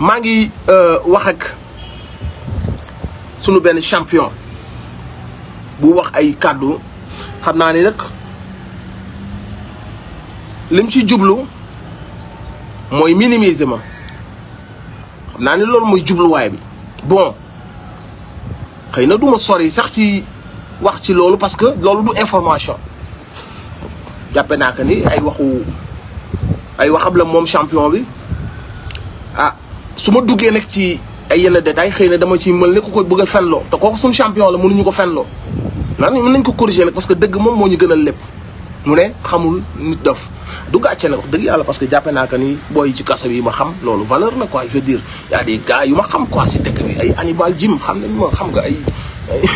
Mangi, euh, wax ak sunu champion bu wax ay cadeau, xam ni nag lim ci jublu mooy minimiser ma xam naa ni djublu mooy bi bon xëy na duma sori sax ci wax ci parce que lolo du information jàppe naa que ni ay waxu ay waxam la mom champion bi suma ma duggee ci ay yenn détails xëy dama ci mel ne ko ko bëgg a fenloo te kooku suñu champion la ñu ko fenloo nan mën nañ ko corriger nak parce que dëgg mom moo ñu gënal lepp mu né xamul nit dof du gatché nak wax dëgg parce que jappé na ka ni boy ci kaso bi ma xam lolu valeur la quoi je veux dire y a des gars yu ma xam quoi ci dëkk bi ay Hannibal Jim xam nañ mo xam nga ay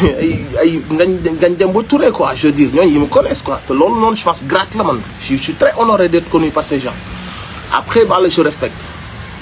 ay ay ngañ ngañ dem Touré quoi je veux dire ñooñu yi me connaissent quoi te lolu non, je pense gratte la man je suis très honoré d'être connu par ces gens après bala je respecte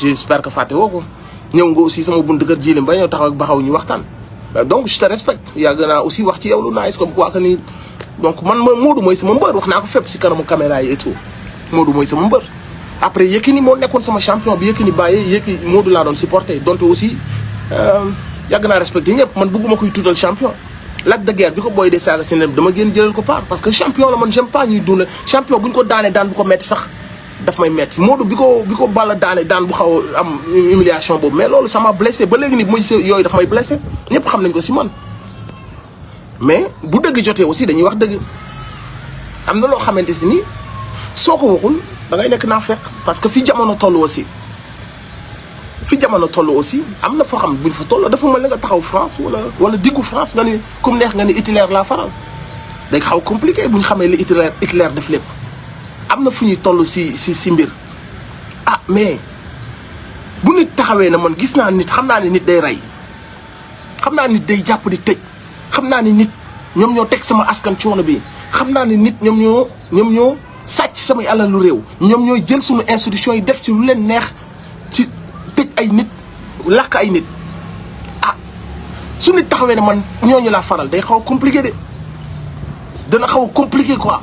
j'espère que fàtte woo ko nga aussi sama buntu kër jiilim ba ñëw taxaw ak baxaw ñu waxtan bah, donc je te respecte yàgg naa aussi wax ci yow lu nice comme quoi que ni donc man Modou moy sama mbeur wax naa ko fépp ci kanam caméra yi et tout Modou moy sama mbeur après yekini mo nekkoon sama champion bi yekini baye Yékini Modou la doon supporter. Donc aussi euh, yàgg naa respecté ñep man bëgguma koy tutal champion Lac de guerre, bi boy booy de saaga si dama gën jëlal ko part parce que champion la man j'aime pas ñuy dund champion buñ ko daané daan bu ko metti sax daf may metti Modou biko biko Balla dalé dan bu xaw am humiliation boobu mais lolou sama blessé ba légui nit bu ma gisee yooyu daf may blessé ñep xam nañ ko si man. mais bu dëgg jotee aussi dañuy wax dëgg amna lo xamanteni xamante si waxul da ngay nek na fekk parce que fi jamono tollu aussi. fi jamono tollu aussi amna fo xam buñ fa toll dafa mel nga taxaw France wala wala diku France nga ni comme neex nga ni Hitler laa faral day xaw compliqué buñ xamé li Hitler Hitler def lépp. am na fu ñuy toll si si si mbir ah mais bu nit taxawee na man gis naa nit xam naa ne nit day rey xam naa nit day jàpp di tëj xam naa ni nit ñoom ñoo teg sama askan coono bi xam naa ni nit ñoom ñoo ñoom ñoo sàcc samay lu réew ñoom ñooy jël suñu institution yi def ci lu leen neex ci tëj ay nit làkk ay nit ah su nit taxawee na man ñooñu laa faral day xaw a compliqué de dana xaw a compliqué quoi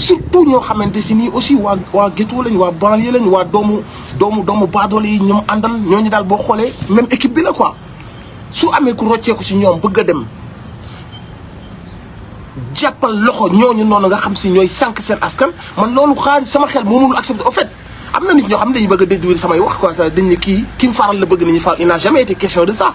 surtout ñoo xamante si nii aussi waa waa ghetto lañ waa banlieue lañ waa doomu doomu doomu baadoole yi ñoom àndal ñooñu daal boo xoolee même équipe bi la quoi su amee ku rocceeku ci ñoom bëgg a dem jàppal loxo ñoo ñooñu noonu nga xam si ñooy sànq seen askan man loolu xaar sama xel moo mënul accepté au am na nit ñoo xam ne dañu bëgg a déduire samay wax quoi ça dañ ne kii ki mu faral la bëgg nañu faral il n'a jamais été question de ça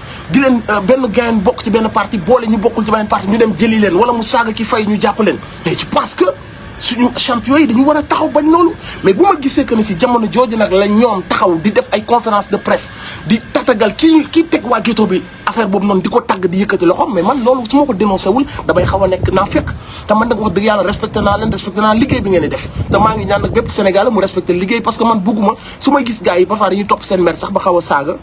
di len euh, benn gayen bok ci benn parti boole ñu bokul ci beneen parti ñu dem jëli len wala mu saaga ki fay ñu japp len mais je pense que suñu champion yi dañu wara taxaw bañ loolu mais buma ma que ni si jamono jooju nak la ñom taxaw di def ay conférence de presse di tatagal ki ki tek wa ghetto bi affaire bobu non di tag di yëkëti loxom mais man lolu suma ko dénoncé wul da bay a nek naa fekk te man nag wax deug yalla respecté na len respecté na liggéey bi ngeen def ta ma ngi ñaan nak bép sénégalais mu respecté liggéey parce que man bëgguma suma gis gars yi parfois dañuy top sen mère sax ba xawa a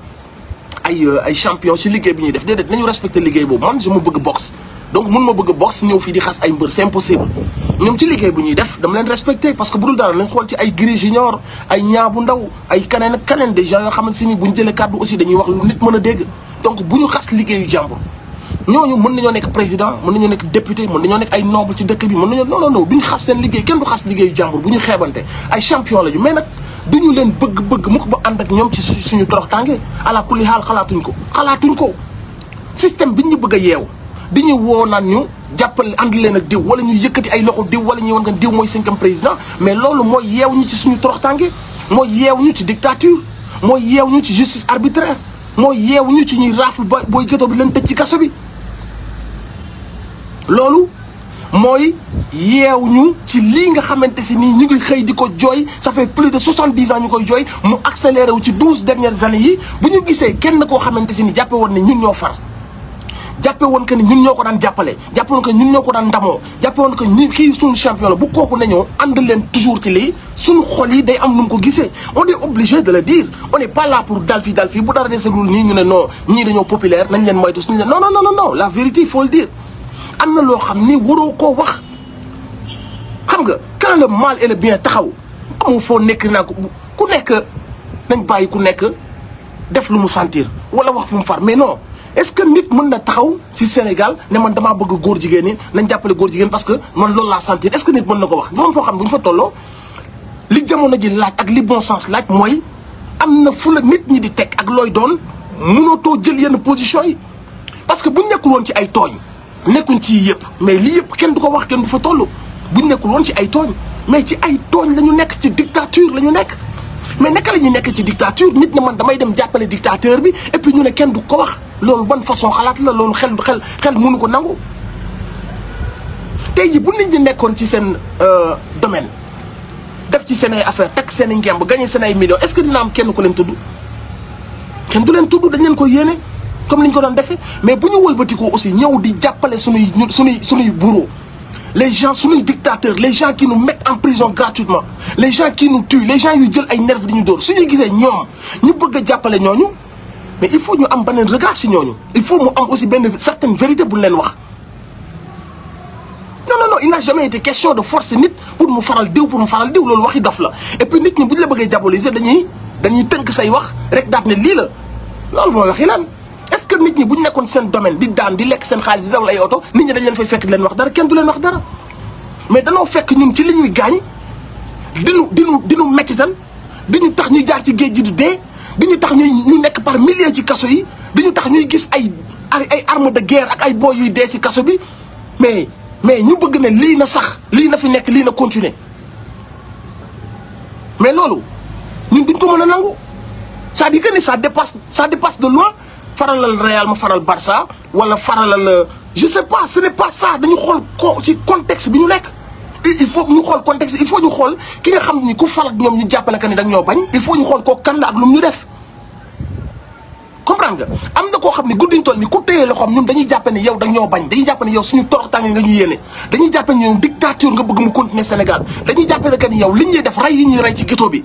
ay euh, ay champion ci liggéey bi ñuy def déedéet nañu respecté liggéey boobu man je ma bëgg boxe donc mun ma bëgg boxe ñëw fii di xas ay mbër c'est impossible ñoom ci liggéey bu ñuy def dama leen respecté parce que bu dul dara lañ xool ci ay gris junior ay ñaabu ndaw ay kaneen kaneen des gens yoo si ni bu ñu jëlee kàddu aussi dañuy wax lu nit mën a dégg donc bu ñu xas liggéeyu jàmbur ñooñu mën nañoo nekk président mën nañoo nekk député mën nañoo nekk ay noble ci dëkk bi mën nañoo non non non duñu xas seen liggéey kenn du xas liggéeyu jàmbur bu du ñu leen bëgg-bëgg mu ko ba ànd ak ñoom ci suñu torox tànge ala kulli xaal xalaatuñ ko xalaatuñ ko système bi ñu bëgg a yeew di ñu woo naan ñu jàppale ànd leen ak diw wala ñu yëkkati ay loxo diw wala ñuy wan nga diw mooy cinquième président mais loolu mooy yeew ñu ci suñu torox tàngee mooy yeew ñu ci dictature mooy yeew ñu ci justice arbitraire mooy yeew ñu ci ñuy raaful ba booy gétoo bi leen tëj ci kaso bi loolu moy hier ci li nga xamanteni si ñu ngi xey diko ça fait plus de 70 ans ñu koy mu accéléré wu ci 12 dernières années yi bu ñu gissé kenn si ni ñun ñoo far jàppe que ni ñun ñoo ko daan jappalé des gens que ñun ñoo ko daan ndamo jàppe que ni ki champion bu koku nañoo and leen toujours ci li suñu xol yi day am ko gissé on est obligé de le dire on n'est pas là pour Dalfi Dalfi. nous dar bu dara deselul ñu ne non ñi dañoo populaire nañ leen moy non non non non la vérité il faut le dire amna lo xamni xam ko wax xam nga quand le mal et le bien taxaw amoo foo nek na ko ku nek nañ bàyyi ku nek def lu mu sentir wala wax fu mu far mais non est-ce que nit mën na taxaw ci Sénégal ne man dama bëgg góor jigen ni nañ jàppale góor jigen parce que man loolu la sentir est-ce que nit mën na ko wax dafa am xam buñ fa tolo li jamono ji laaj ak li bon sens laaj moy amna fu la nit ñi di tek ak looy doon mënatoo jël yenn position yi parce que buñ nekkul won ci ay togn nekkuñ ci yëpp mais lii yëpp kenn du ko wax kenn du fa toll buñ nekkul woon ci ay tooñ mais ci ay tooñ la ñu nekk ci dictature la ñu nekk mais naka la ñuy nekk ci dictature nit ne man damay dem jàppale dictateur bi et puis ñu ne kenn du ko wax loolu ban façon xalaat la loolu xel xel xel mënu ko nangu tey ji bu nit ñi nekkoon ci seen euh, domaine def ci seen ay affaire takk seen i ngemb gagné seen ay millions est-ce que dina am kenn ko leen tudd kenn du leen tudd dañ leen ko yéene comme ni ñu ko doon defee mais bu ñu wëlbatikoo aussi ñëw di jàppale suñuy suñuy suñuy bourreaux les gens suñuy dictateurs les gens qui nous mettent en prison gratuitement les gens qui nous tuent les gens yu jël ay nerf di ñu dóor suñuy gisee ñoom ñu bëgg a jàppale ñooñu mais il faut ñu am beneen regard si ñooñu il faut mu am aussi benn certaine vérité pour leen wax non non non il n'a jamais été question de forcer nit pour mu faral ou pour mu faral ou loolu waxi dof la et puis nit ñi bu ñu la bëggee diaboliser dañuy dañuy tënk say wax rek daat ne lii la loolu mooy waxi lan que nit ñi bu ñu nekkoon domaine di daan di lekk sen xaalis di dawal ay nit ñi dañ leen fay fekk leen wax dara kenn du leen wax dara mais danoo fekk ñun ci li ñuy gaañ dinu dinu dinu mettital diñu tax ñuy jaar ci géej ji du dee diñu tax ñuy ñu nekk par milliers ci kaso yi diñu tax ñuy gis ay ay armes de guerre ak ay boy yuy dee ci kaso bi mais mais ñu bëgg ne lii na sax lii na fi nekk lii na continuer mais loolu ñun duñ ko mën a nangu ça à dire que ni ça dépasse ça dépasse de loin le Real Barça euh, je sais pas ce n'est pas ça dañu xol ci contexte bi il faut ñu xol contexte il faut ñu xol ki nga xamni nous, ñu bañ. il faut ñu xol ko kan la ak lu ñu def comprendre nga am na ko xamni ni Nous ñu toll ku nous ñun dañuy yow bañ dañuy yow suñu dañuy dictature nga bëgg mu continuer Sénégal dañuy Nous ni yow liñ def ray yi ñuy ray ci bi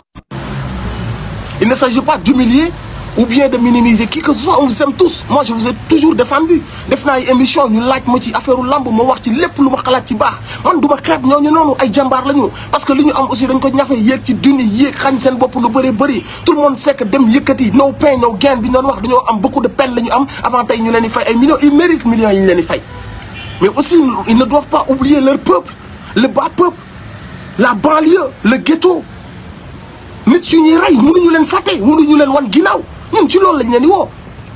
Il ne s'agit pas d'humilier ou bien de minimiser qui que ce soit. On vous aime tous. Moi, je vous ai toujours défendu. def émission ñu like ma ci affaire lamb ma wax ci lépp lu ma xalaat ci baax man du ma xeeb ñooñu ay jàmbaar la parce que li ñu am aussi dañ ko ñafe yéeg ci duni yéeg xañ seen bopp lu bëree bëri tout le monde sait que dem yëkkati no pain no gain bi ñu doon wax dañoo am beaucoup de peine avant tey ñu leen di fay ay millions ils méritent millions yi ñu mais aussi ils ne doivent pas oublier leur peuple le bas peuple la banlieue le ghetto nit yu ray rey mënuñu leen fàtte mënuñu leen wan ginnaaw ñun ci loolu lañ leen di woo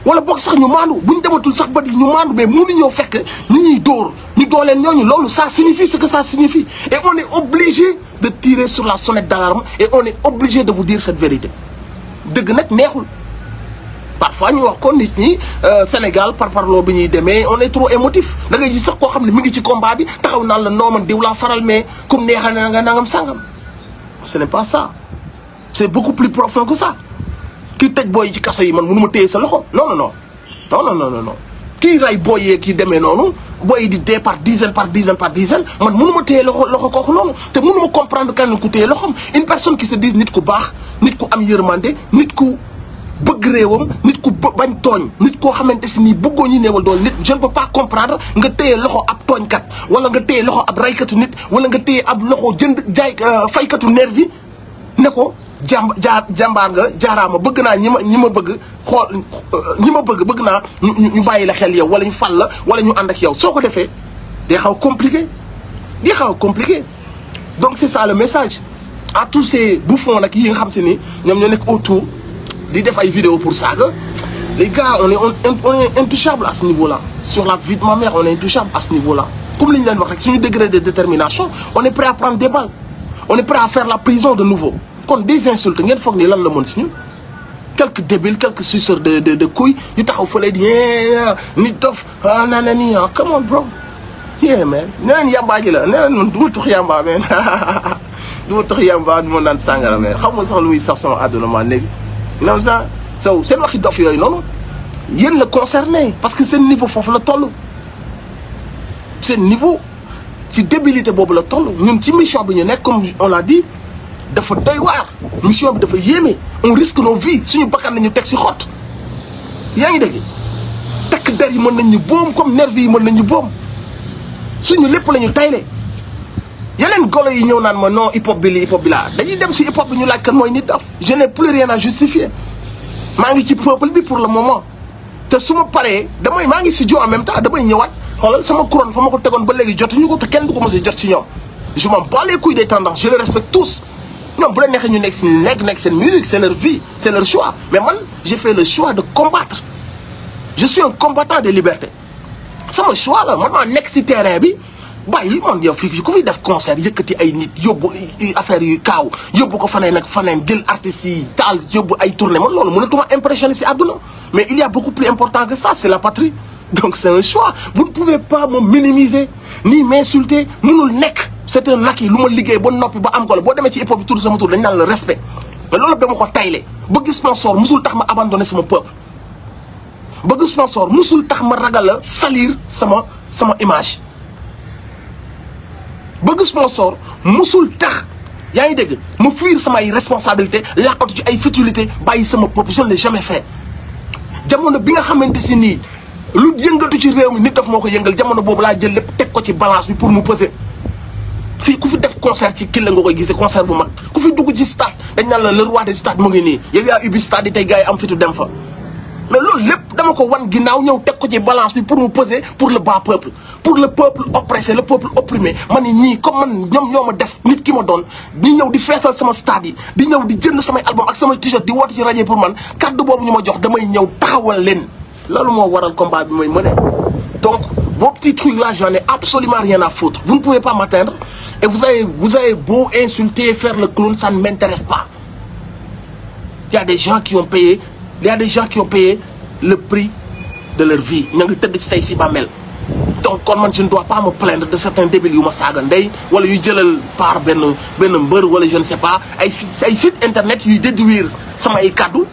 wala boog sax ñu maandu buñ dematul sax ba di ñu maandu mais mënuñoo fekk ñi ñuy door ñu dooleel ñooñu loolu ça signifie ce que ça signifie et on est obligé de tirer sur la sonnette d'alarme et on est obligé de vous dire cette vérité dëgg nag neexul parfois ñu wax ko nit ñi euh, Sénégal par parloo bi ñuy demee on est trop émotif da ngay gis sax koo xam ne mi ngi ci combat bi taxaw naan la nooman diw laa faral mais comme neexal na nga nangam sangam ce n'est pas ça c'est beaucoup plus profond que ça qui te booy qui ci les yi man mënu ma téye sa loxo non non non non non non non qui ray booy qui kii non noonu booy yi di dee par dizaine par dizaine par dizaine man mënu ma téye loxo loxo kooku non. te nous ma comprendre nous ku téye loxoom une personne qui se dit nit ku baax nit ku am yërmande nit ku bëgg réewam nit ku bañ tooñ nit koo xamante sini nii bëggoo ñu néewal dool je ne peux pas comprendre nga téye loxo ab tooñkat wala nga téye loxo ab raykatu nit wala nga téye ab loxo jënd jaay euh, faykatu nervi ne ko jàmb jaar jàmbaar nga jaaraama bëgg naa ñi ñima ñi ma bëgg xool euh, ñi bëgg bëgg ñu ñu la xel yow wala ñu fal la wala ñu ànd ak yow soko ko defee xaw compliqué day xaw compliqué donc c'est ça le message à tous ces bouffons nag yi nga xam ni ñoom ñoo autour di def ay vidéo pour ça. les gars on est on est intouchable à ce niveau là sur la vie de ma mère on est intouchable à ce niveau là comme li ñu leen wax rek suñu degré de détermination on est prêt à prendre des balles on est prêt à faire la prison de nouveau quand des insultes ngeen foog ni lan quelques débiles quelques suceurs de de couilles ñu taxaw fële di eh, nit dof ah, ah, come on bro. yeah man non, non, non, la non, non, non, non, non, man non, non, non, non, non non, non, concerné parce que le niveau non, la toll non, niveau ci débilité boobu la toll ñun ci comme on l'a dit dafa doy waar mission dafa on risque nos vies suñu bakkan nañu teg si xott yaa ngi dégg takk der yi mën bombe comme nervi yi mën bombe, ñu boom suñu lépp la taille, y'a yeneen golo yi ñëw naan ma non hip hop bi li hip hop bi dañuy dem si hip hop bi ñu laaj kan mooy nit je n'ai plus rien à justifier maa ngi ci peuple bi pour le moment te su ma paree demain maa ngi si jo en même temps damay ñëwaat xoolal sama couronne fa me ko tegoon ba léegi jotuñu ko te kenn du ko mos jot si ñoom je m'en bats les couilles des tendances je les respecte tous non, musique c'est leur vie c'est leur choix mais moi, j'ai fait le choix de combattre je suis un combattant de liberté C'est mon choix là. man je nekk terrain bi bàyyi man def concert yëkkati ay nit yóbbu affaire yu kaaw yóbbu ko faneen ak faire artistes yi ay mais il y a beaucoup plus important que ça c'est la patrie donc c'est un choix vous ne pouvez pas me minimiser ni m'insulter nous nekk c'est un acquis luma ma bo nopi ba am ko bo boo ci époque bi tout sama tur dañ naan respect mais lolu dama ko ba bëgg sponsor musul tax ma abandonné sama peuple bëgg sponsor musul tax ma ragala salir sama sama image bëgg sponsor musul tax yaa deug dégg ma fuir sama responsabilité làqatu ci ay futilité bàyyi sama peuple je ne jamais fait jamono bi nga xamante si nii lu yëngatu ci réew mi nit daf moko ko yëngal jamono boobu laa jël lepp tek ko ci balance bi pour nous peser fii ku fi def concert ci killa nga koy gisee concert bu mag ku fi dugg ci stade dañ naan la le roi des mu ngi nii yow yaa ubbi stade yi tey gars yi am fitu dem fa mais loolu lépp dama ko wan ginnaaw ñëw teg ko ci balance bi pour mu peser pour le bas peuple pour le peuple oppressé le peuple opprimé man ni ñii comme man ñoom ñoo ma def nit ki ma doon di ñëw di feesal sama stade yi di ñëw di jënd samay album ak sama t-shirt di woote ci rajo pour man kaddu boobu ñu ma jox damay ñëw taxawal leen loolu moo waral combat bi mooy mëne donc Vos petits trucs là, j'en ai absolument rien à foutre. Vous ne pouvez pas m'atteindre. Et vous avez, vous avez beau insulter, et faire le clown, ça ne m'intéresse pas. Il y a des gens qui ont payé. Il y a des gens qui ont payé le prix de leur vie. donc je ne dois pas me plaindre de certains débiles qui ont ouais ndey jëlal par ben, ben, ou je ne sais pas Et ay site internet qui déduire ça m'a cadeau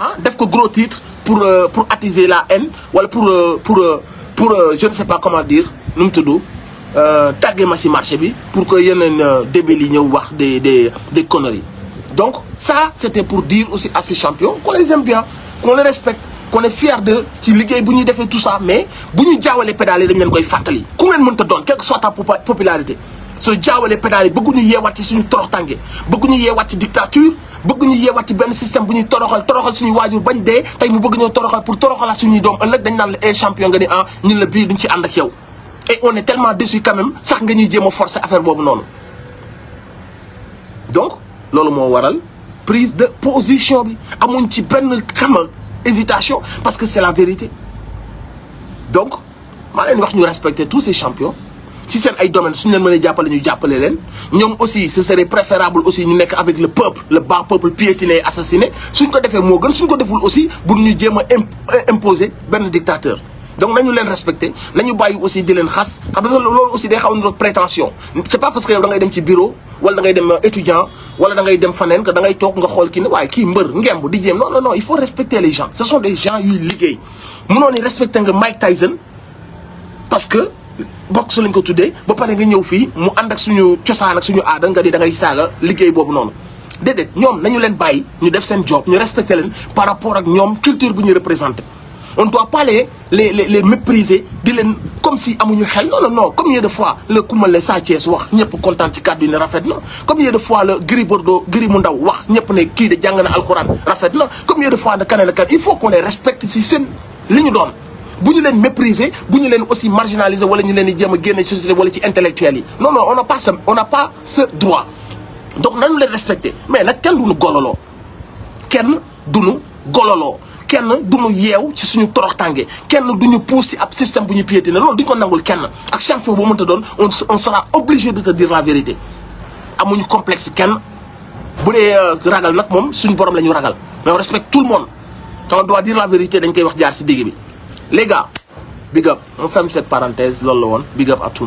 hein ah, def gros titre pour euh, pour attiser la haine ou pour euh, pour euh, pour euh, je ne sais pas comment dire nu mu euh, tagué ma si marché bi pour que yeneen euh, débil yi ñëw wax des des des conneries donc ça c'était pour dire aussi à ces champions qu'on les aime bien qu'on les respecte qu'on est fier de ci liggéey et ñuy fait tout ça mais bu ñu les pédale les dañ leen koy fàttali ku ngeen mënta doon quelle que soit ta popularité les soo jaawalee pédale yi bëgguñu yeewaat ci suñu toroxtànge bëgguñu yeewaat ci dictature si ñu un système bu ñuy toroxal toroxal bañ pour eh, champion ni ah, le et on est tellement déçu quand même sax nga ñuy jëmo à faire affaire bobu donc lolu waral prise de position bi amuñ ci de hésitation parce que c'est la vérité donc maa leen wax ñu respecter tous ces champions si nous ay domaine, suñu leen nous les ñu aussi ce serait préférable aussi nous avec le peuple le bas peuple piétiné assassiné aussi euh, imposer un dictateur. donc nañu leen respecter, nous aussi aussi prétention c'est pas parce que bureau wala da ngay euh, étudiant wala da ngay que da ngay nga qui ne qui non non non il faut respecter les gens ce sont des gens qui Nous, Mike Tyson parce que box lañ ko tuddé ba paré nga ñëw fi mu ànd ak suñu cosaan ak suñu aada nga di da ngay saaga liggéey bobu noonu déedéet ñom nañu leen bàyyi ñu def sen job ñu respecté leen par rapport ak ñom culture bu ñu représenté on doit pas les les les mépriser di leen comme si amuñu xel non non comme hier de fois le kuma le Sa Thiès wax ñëpp content ci kàddu ni ne rafet na combien de fois le gri Bordeaux gri mu ndaw wax ñëpp ne ki de jàng na alxuraan rafet na combien de fois ne kaneen kan il faut qu'on les respecte ci sen liñu ñu bu ñu leen mépriser bu aussi marginaliser wala ñu leen di jéem a génne société wala ci intellectuels yi non non on n'a pas on n'a pas ce droit donc nañu les respecter mais nag kenn duñu gololoo kenn duñu gololoo kenn duñu yeew ci suñu quel kenn duñu pousser ci ab système bu piétiner loolu duñ ko nangul kenn ak champion bu mënta doon on on sera obligé de te dire la vérité amuñu complexe kenn bu dee euh, ragal nag moom suñu borom la ragal mais on respecte tout le monde quand on doit dire la vérité dañ koy wax jaar ci bi Les gars, big up. On ferme cette parenthèse, lol, big up à tout